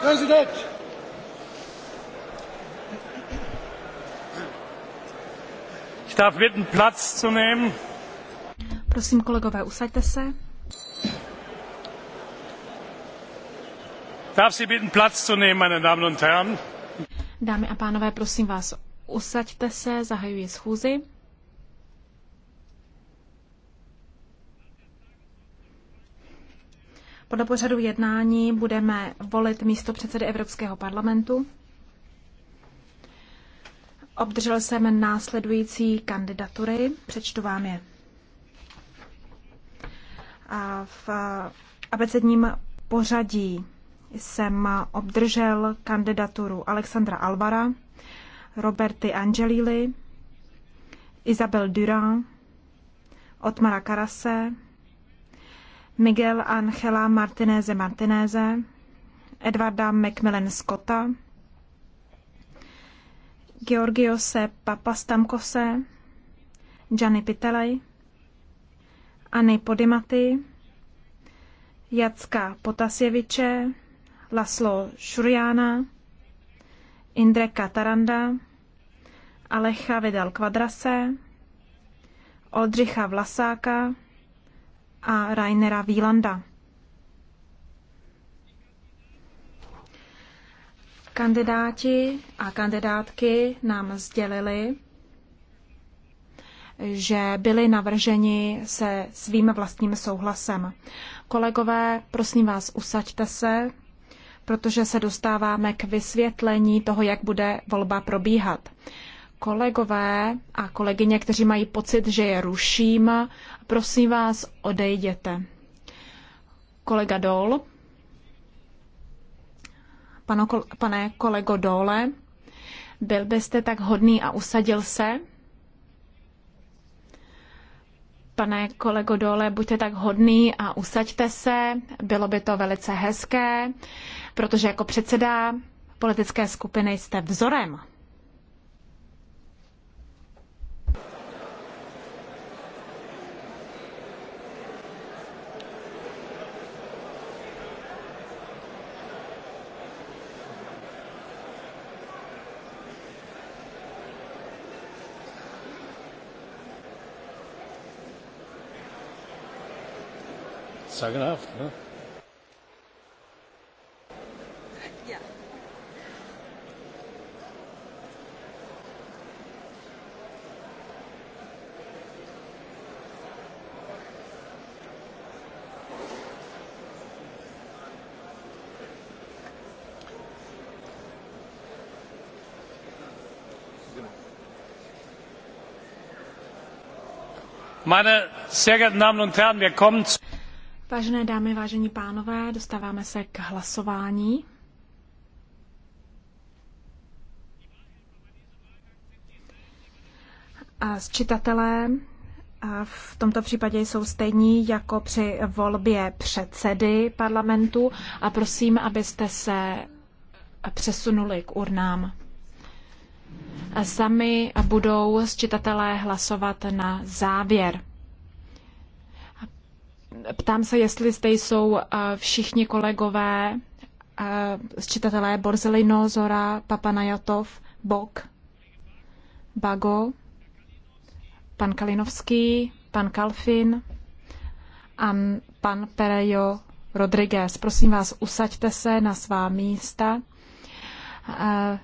President. Ich darf bitten, Platz zu nehmen. Prosím, kolegové, usaďte se. Darf Sie bitten, Platz zu nehmen, meine Damen und Herren. Dámy a pánové, prosím vás, usaďte se, zahajuji schůzi. Podle pořadu jednání budeme volit místo předsedy Evropského parlamentu. Obdržel jsem následující kandidatury, přečtu vám je. A v abecedním pořadí jsem obdržel kandidaturu Alexandra Alvara, Roberty Angelili, Isabel Durand, Otmara Karase, Miguel Angela Martineze Martineze, Edvarda Macmillan Scotta, Georgiose Papastamkose, Gianni Pitelej, Anny Podimaty, Jacka Potasjeviče, Laslo Šurjána, Indreka Taranda, Alecha Vidal Kvadrase, Oldřicha Vlasáka, a Rainera Wielanda. Kandidáti a kandidátky nám sdělili, že byli navrženi se svým vlastním souhlasem. Kolegové, prosím vás, usaďte se, protože se dostáváme k vysvětlení toho, jak bude volba probíhat. Kolegové a kolegyně, kteří mají pocit, že je ruším, prosím vás, odejděte. Kolega Dol, pano, pane kolego Dole, byl byste tak hodný a usadil se? Pane kolego Dole, buďte tak hodný a usaďte se, bylo by to velice hezké, protože jako předseda politické skupiny jste vzorem. sagenhaft. Ne? Ja. Meine sehr geehrten Damen und Herren, wir kommen zu Vážené dámy, vážení pánové, dostáváme se k hlasování. A a v tomto případě jsou stejní jako při volbě předsedy parlamentu a prosím, abyste se přesunuli k urnám. Sami budou sčitatelé hlasovat na závěr. Ptám se, jestli zde jsou eh, všichni kolegové, eh, čitatelé Borzelino, Zora, Papanajatov, Bok, Bago, pan Kalinovský, pan Kalfin a pan Perejo Rodriguez. Prosím vás, usaďte se na svá místa. Eh,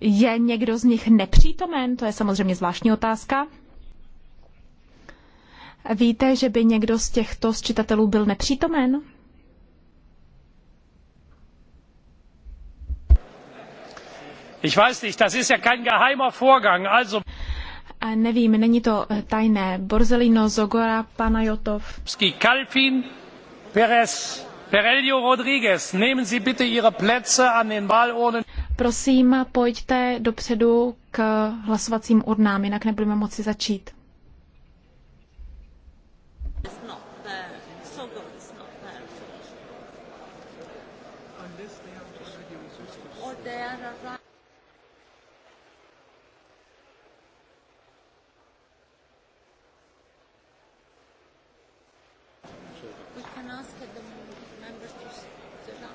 je někdo z nich nepřítomen? To je samozřejmě zvláštní otázka. Víte, že by někdo z těchto sčitatelů byl nepřítomen? Ich weiß nicht, das ist ja kein geheimer Vorgang, also... A nevím, není to eh, tajné. Borzelino, Zogora, Panajotov. Kalfin, Perez, Perelio Rodriguez, nehmen Sie bitte Ihre Plätze an den Wahlurnen. Prosím, pojďte dopředu k hlasovacím urnám, jinak nebudeme moci začít. Kosovo vlastně, no, is not We can ask the members to sit down.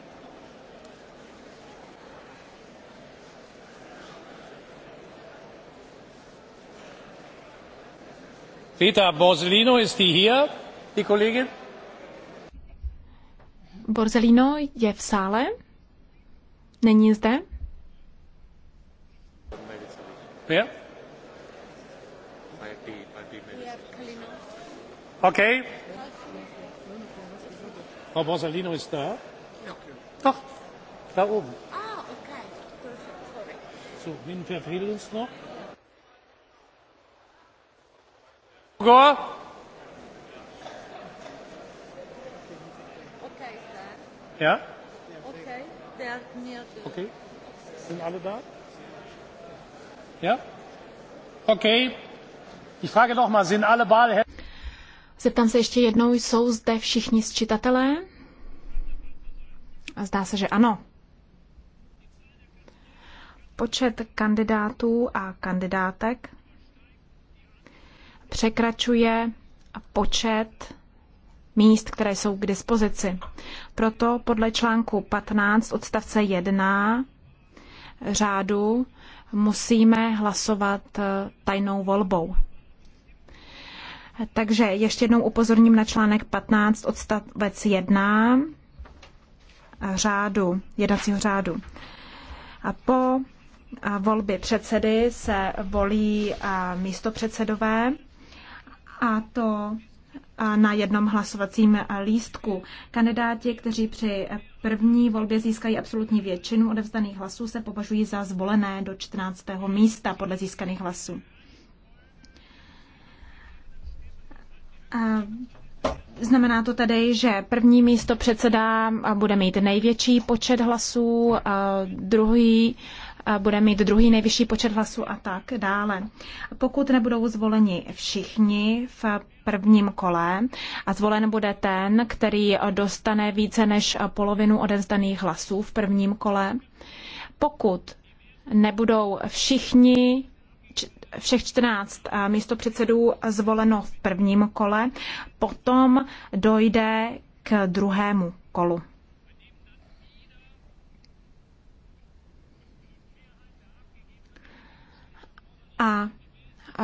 rita borsellino ist die hier die kollegin? Borzelino je v sále? Není zde? Yeah. Okay. Frau Borsalino ist da? Doch, da oben. Ah, okay. So, wen verfehlt uns noch? Gore? Ja? Okay, der mir. Okay. Sind alle da? Ja? Okay. Ich frage noch mal, sind alle Wahlhelfer? Zeptám se ještě jednou, jsou zde všichni sčitatelé? A zdá se, že ano. Počet kandidátů a kandidátek překračuje počet míst, které jsou k dispozici. Proto podle článku 15 odstavce 1 řádu musíme hlasovat eh, tajnou volbou. Takže ještě jednou upozorním na článek 15 odstavec 1 řádu, jednacího řádu. A po volbě předsedy se volí místopředsedové a to na jednom hlasovacím lístku. Kandidáti, kteří při první volbě získají absolutní většinu odevzdaných hlasů, se považují za zvolené do 14. místa podle získaných hlasů. Znamená to tedy, že první místo předseda bude mít největší počet hlasů, druhý bude mít druhý nejvyšší počet hlasů a tak dále. Pokud nebudou zvoleni všichni v prvním kole a zvolen bude ten, který dostane více než polovinu odezdaných hlasů v prvním kole, pokud nebudou všichni všech 14 místopředsedů zvoleno v prvním kole, potom dojde k druhému kolu. A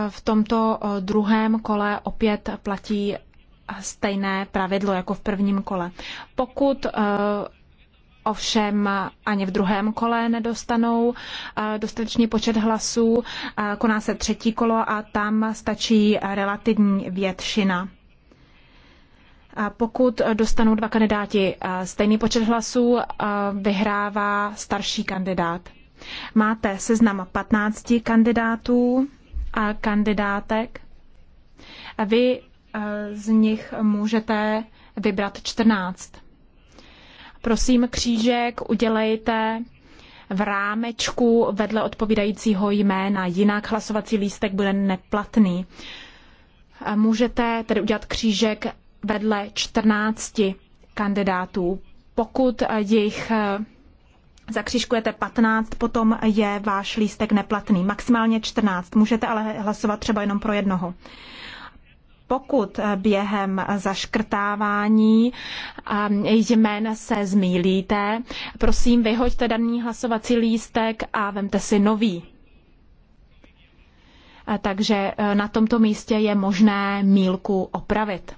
v tomto druhém kole opět platí stejné pravidlo jako v prvním kole. Pokud ovšem ani v druhém kole nedostanou dostatečný počet hlasů, koná se třetí kolo a tam stačí relativní většina. Pokud dostanou dva kandidáti stejný počet hlasů, vyhrává starší kandidát. Máte seznam 15 kandidátů a kandidátek. A vy eh, z nich můžete vybrat 14. Prosím, křížek udělejte v rámečku vedle odpovídajícího jména, jinak hlasovací lístek bude neplatný. Eh, můžete tedy udělat křížek vedle 14 kandidátů. Pokud jich eh, zakřižkujete 15, potom je váš lístek neplatný. Maximálně 14. Můžete ale hlasovat třeba jenom pro jednoho pokud během zaškrtávání um, jmen se zmýlíte, prosím vyhoďte daný hlasovací lístek a vemte si nový. Takže e, na tomto místě je možné mílku opravit.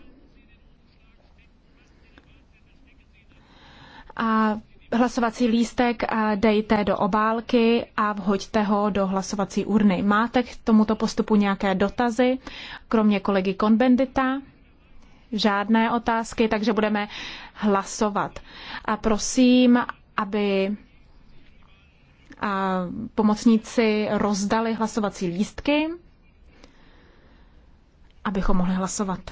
A Hlasovací lístek dejte do obálky a vhoďte ho do hlasovací urny. Máte k tomuto postupu nějaké dotazy, kromě kolegy Konbendita? Žádné otázky, takže budeme hlasovat. A prosím, aby a pomocníci rozdali hlasovací lístky, abychom mohli hlasovat.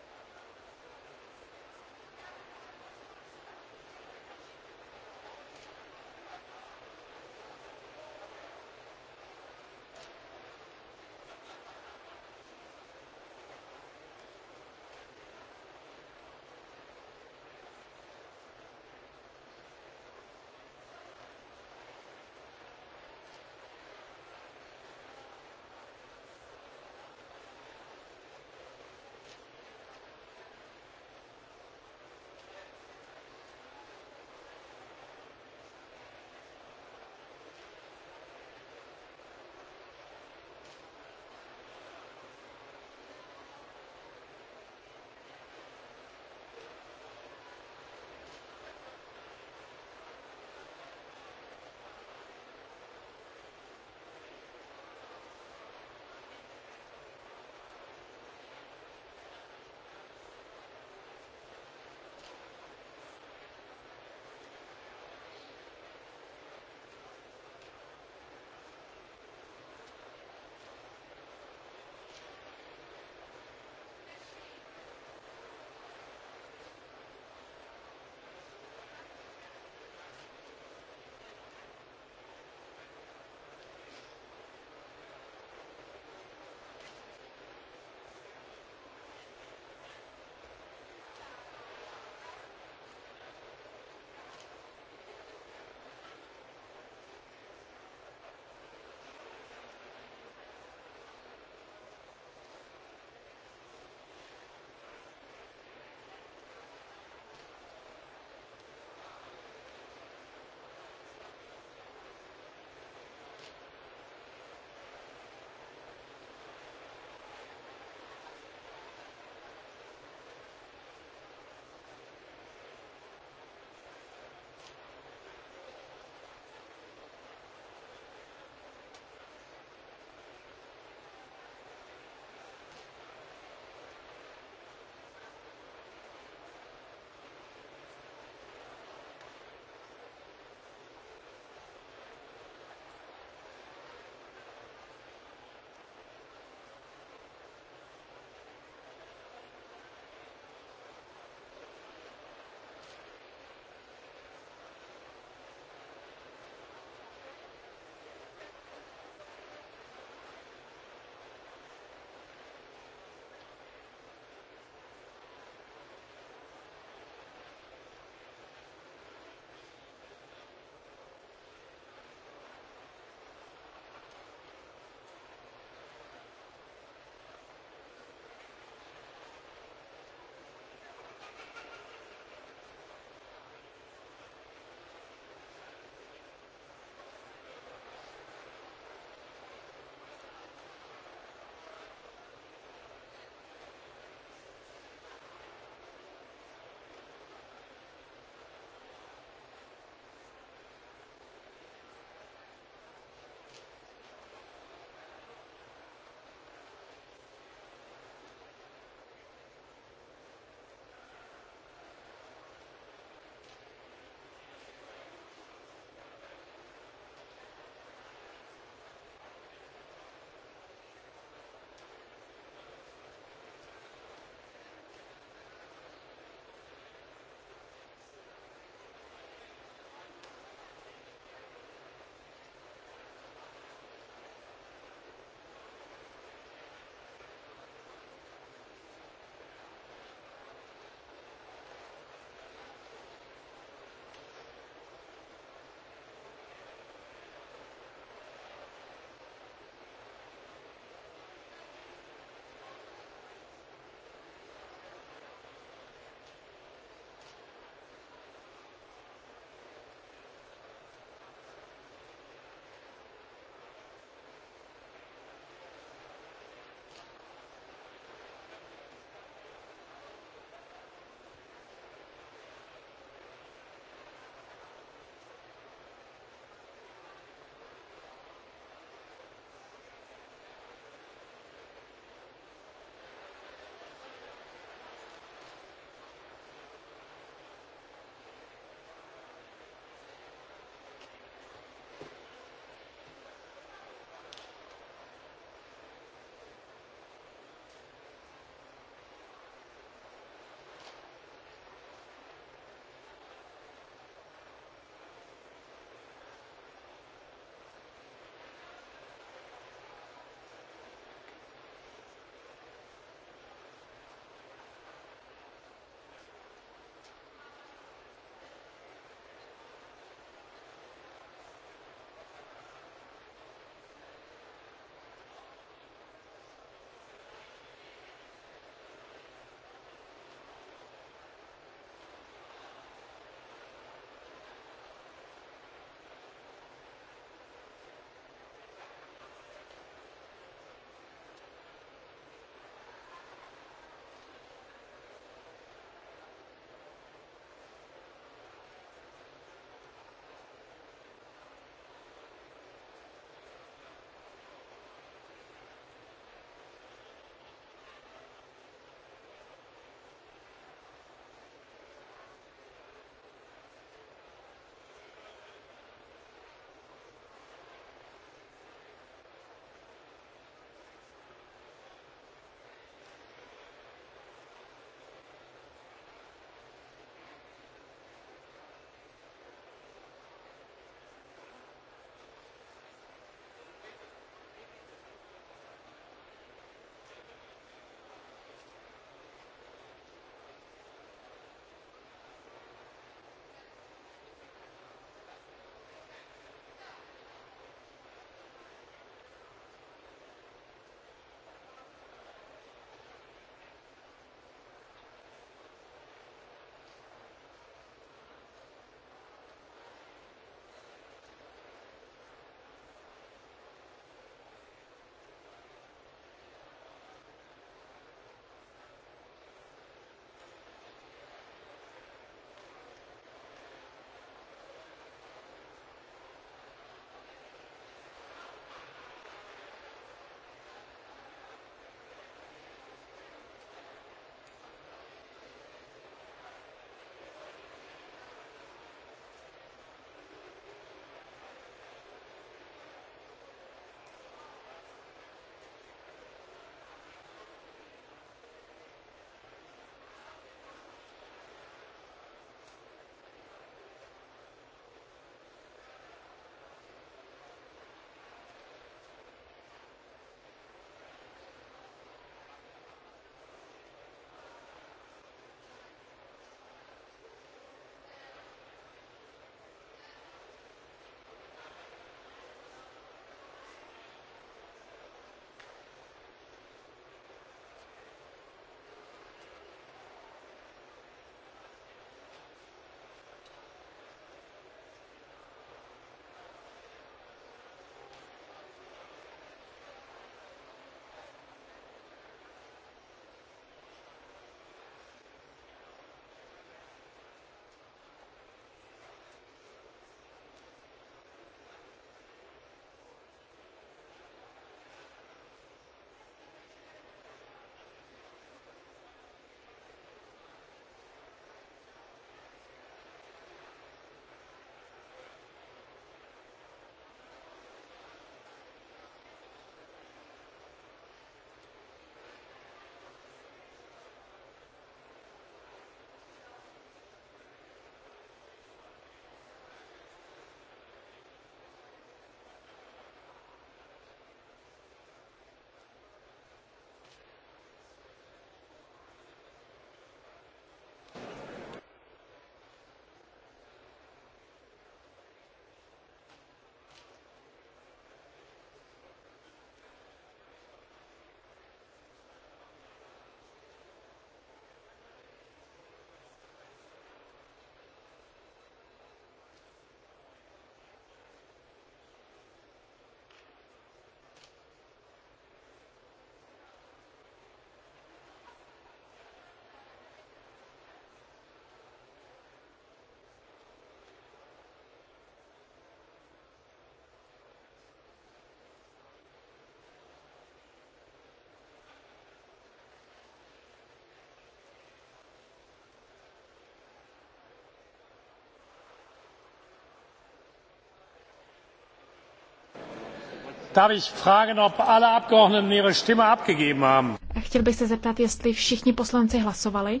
Chtěl bych se zeptat, jestli všichni poslanci hlasovali.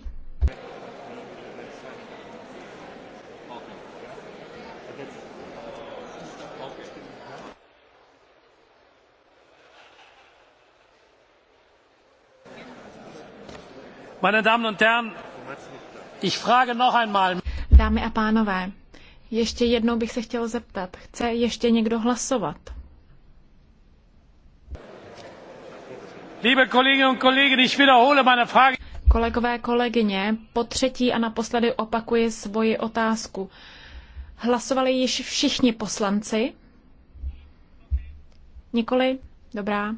Meine Damen und Herren, ich frage noch einmal. Dámy a pánové, ještě jednou bych se chtěl zeptat, chce ještě někdo hlasovat? Kolegové, kolegyně, po třetí a naposledy opakuji svoji otázku. Hlasovali již všichni poslanci? Nikoli? Dobrá.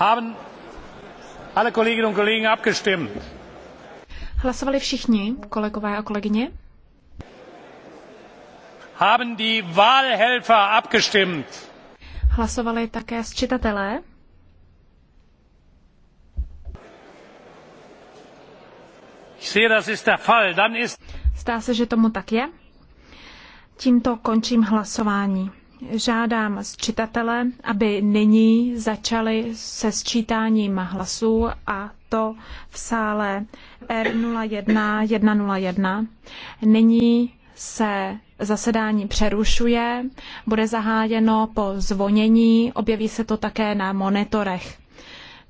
Haben alle Kolleginnen und Kollegen abgestimmt? Hlasovali všichni, kolegové a kolegyně? Haben die Wahlhelfer abgestimmt? Hlasovali také sčitatelé? Ich sehe, das ist der Fall. Dann Zdá se, že tomu tak je. Tímto končím hlasování žádám sčítatele, aby nyní začali se sčítáním hlasů a to v sále R01101. Nyní se zasedání přerušuje, bude zahájeno po zvonění, objeví se to také na monitorech.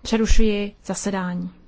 Přerušuji zasedání.